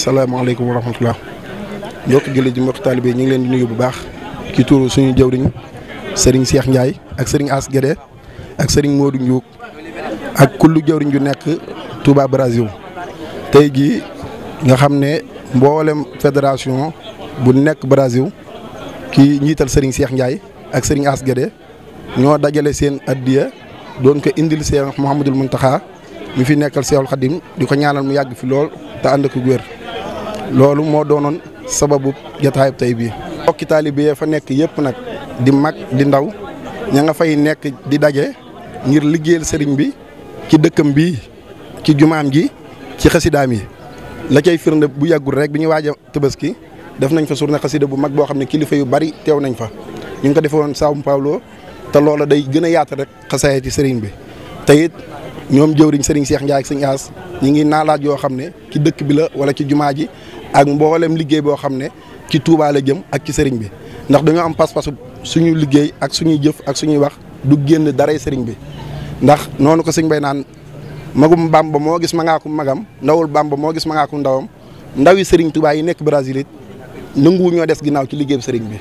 salaamaaleykum wa rahmatulah mbokki jullit ji mbokki taalibe ñu ngi leen di nuyu bu baax ci turu suñu jëwriñ sëriñ seex Ndiaye ak sëriñ As Guédé ak sëriñ Modou Ndiouk ak kullu jëwriñ ju nekk Touba Brazil tey jii nga xam ne mboolem fédération bu nekk Brazil ki njiital sëriñ Cheikh Ndiaye ak sëriñ As ñoo dajale seen addiya doon ko indil Cheikh Mouhamadul Mountakha mi fi nekkal Cheikhul Khadim di ko ñaanal mu yàgg fi lool te ànd ak wér loolu moo doonoon sababu jataayub tey bii mbokki taalibe yi fa nekk yëpp nag di mag di ndaw ña nga fay nekk di daje ngir liggéeyal sëriñ bi ci dëkkam bi ci jumaam ji ci xasidaam yi la cay firnde bu yàggul rek bi ñu waaj a def nañ fa surne xasida bu mag boo xam ne kilifa yu bari teew nañ fa ñu ngi ko defee woon São Paulo te loola day gën a yaatal rek ci sëriñ bi te it ñoom jëwriñ sëriñ Seex Njaay ak sëriñ Aas ñi ngi naalaaj yoo xam ne ci dëkk bi la wala ci jumaa ji ak mboolem liggéey boo xam ne ci Touba la jëm ak ci sëriñ bi ndax dañoo am pas-pasu suñu liggéey ak suñuy jëf ak suñuy wax du génn daray sëriñ bi ndax noonu ko sëñ bay naan magum Bamba moo gis ma ngaakum magam ndawul Bamba moo gis ma ndawam ndawi sëriñ Touba yi nekk Brésil it nanguwu ñoo des ginnaaw ci liggéeyu sëriñ bi.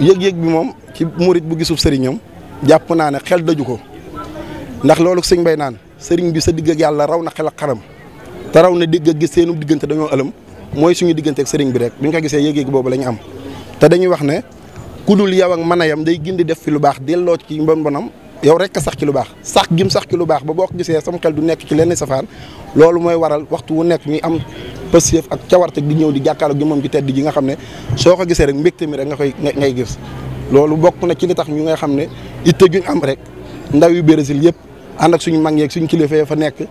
yëg-yëg bi moom ci murit bu gisub sëriñam jàpp naa ne xel daju ko ndax loolu sëñ mbay naan sëriñ bi sa digg ak yàlla raw na xel ak xaram te raw na digg ak gis seenu diggante dañoo ëlëm mooy suñu diggante ak sëriñ bi rek bu ñu ko gisee yëg-yëg boobu la am te dañuy wax ne ku dul yow ak mën a yam day gindi def fi lu baax delloo ci mbon bonam yow rek sax ci lu baax sax gim sax ci lu baax ba boo ko gisee sama xel du nekk ci lenn safaan loolu mooy waral waxtu wu nekk ñuy am pësiyëf ak cawarte di ñëw di jàkkaarloo gi moom ci tedd ji nga xam ne soo ko gisee rek mbégte mi nga koy ngay gis loolu bokk na ci li tax ñu nga xam ne itte juñ am rek ndaw yu Brésil yëpp ànd ak suñu mag yeeg suñu kilifa fa nekk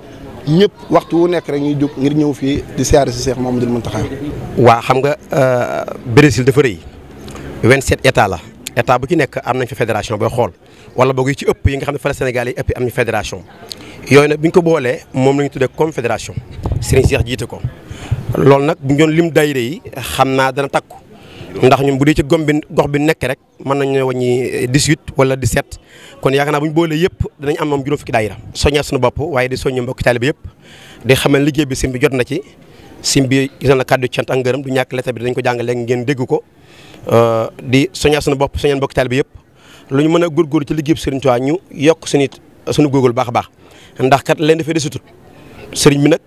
ñëpp waxtu wu nekk rek ñuy jóg ngir ñëw fii di siyaare si Cheikh Mamadou Mountakha. waa xam nga euh, Brésil dafa rëy 27 état la état bu ci nekk am nañ fa fédération booy xool wala boog yi ci ëpp yi nga xam ne fa la Sénégal yi ëpp am ñu fédération yooyu nag bi ñu ko boolee moom la ñu tuddee confédération Serigne Cheikh jiite ko loolu nag bu ñu doon lim daayira yi xam naa dana takku. ndax ñun bu dee ci gom bi gox bi nekk rek mën nañu wàññi 18 eh, wala 17 kon yaakaar naa bu ñu boolee yëpp danañ am moom juróom fukki daayira soññal suñu bopp waaye di soññu mbokki taalibe yëpp liggéey bi sim bi jot na ci sim bi gis na kàddu cant ak ñàkk lettre bi dañ ko jàngale ngeen dégg ko euh, di soññal suñu bopp soññal mbokki taalibe yëpp lu ñu mën a góorgóorlu ci liggéey bi Serigne Touba ñu yokk suñu suñu góorgóorlu baax a baax ndax kat leen dafay desutut Serigne bi nag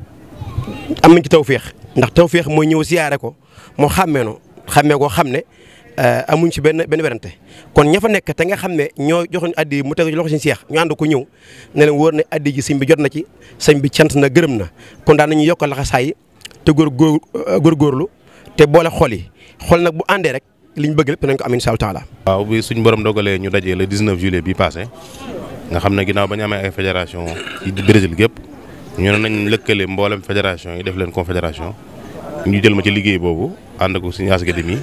am nañ ci tawféex ndax tawféex mooy ñëw si siyaare ko moo xàmmee no xamee ko xam ne euh, amuñ ci benn benn werante kon ña fa nekk te nga xam ne ñoo joxuñ addi mu teg ci loxo suñu seex ñu ànd ko ñëw ne leen ne addi ji sëñ bi jot na ci sëñ bi cant na gërëm na kon nañu yokkal laxasaay yi te góor góor euh, góorgóorlu te boole xool yi xool nag bu àndee rek liñ bëgg lépp nañ ko am incha allah. waaw bi suñ borom dogalee ñu dajee le 19 juillet bi passé nga xam ne ginnaaw ba ñu amee ay fédération yi Brésil gépp ñu ne nañ lëkkale mboolem fédération yi def leen confédération ñu jël ma ci liggéey boobu ànd ko suñu askan mi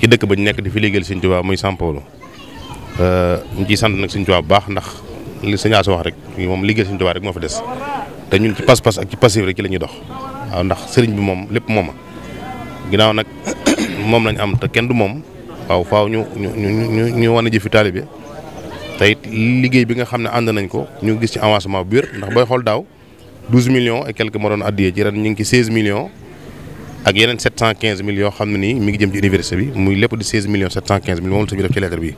ci dëkk ba ñu nekk di fi liggéeyal Sëñ Tuubaa muy São Paulo euh, ñu ciy sant nag Sëñ Tuubaa bu baax ndax li Sëñ wax rek moom liggéeyal Sëñ Tuubaa rek moo fa des te ñun ci pas-pas ak ci passif rek ci la ñuy ndax sëriñ bi moom lépp mooma ginnaaw nag moom lañ am te kenn du moom waaw faaw ñu ñu ñu ñu wane jëfi taalibe te it liggéey bi nga xam ne ànd nañ ko ñu gis ci avancement bu wér ndax booy xool daaw douze millions et quelque moo doon addiyee ci ren ñu ngi ci seize millions. ak yeneen 715 mille yoo xam ne nii mi ngi jëm ci université bi muy lépp moom la sëñ bi ci lettre bi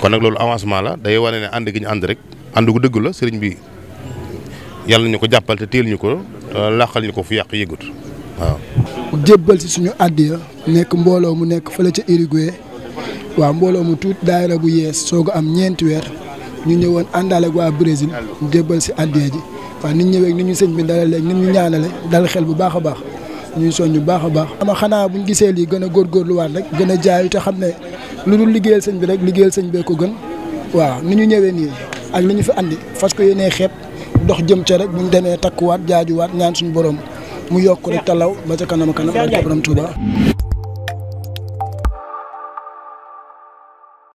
kon nag loolu avancement la day wane ne ànd gi ñu ànd rek ànd gu dëgg la sëriñ bi yàlla ñu ko jàppal te teel ñu ko làqal ñu ko fu yàq yëgut waaw. jébbal si suñu àddiya nekk mbooloo mu nekk fële ca Uruguay waaw mbooloo mu tuut daayira bu yees soog am ñeenti weer ñu ñëwoon àndaale ak waa Brésil jébbal si àddiya ji waaw ni ñu ñëwee ñu sëñ bi dalalee ni ñu ñaanale dal xel bu baax a baax. ñuy soñ bu baax a baax. ama xanaa bu ñu gisee lii gën a góor góorgóorluwaat rek gën a yi te xam ne lu dul liggéeyal sëñ bi rek liggéeyal sëñ bee ko gën waaw ni ñu ñëwee nii ak li ñu fi andi fas ko yenee xeeb dox jëm ca rek bu ñu demee takkuwaat jaajuwaat ñaan suñu borom mu yokk rek talaw ba ca kanam kanam ak borom Touba.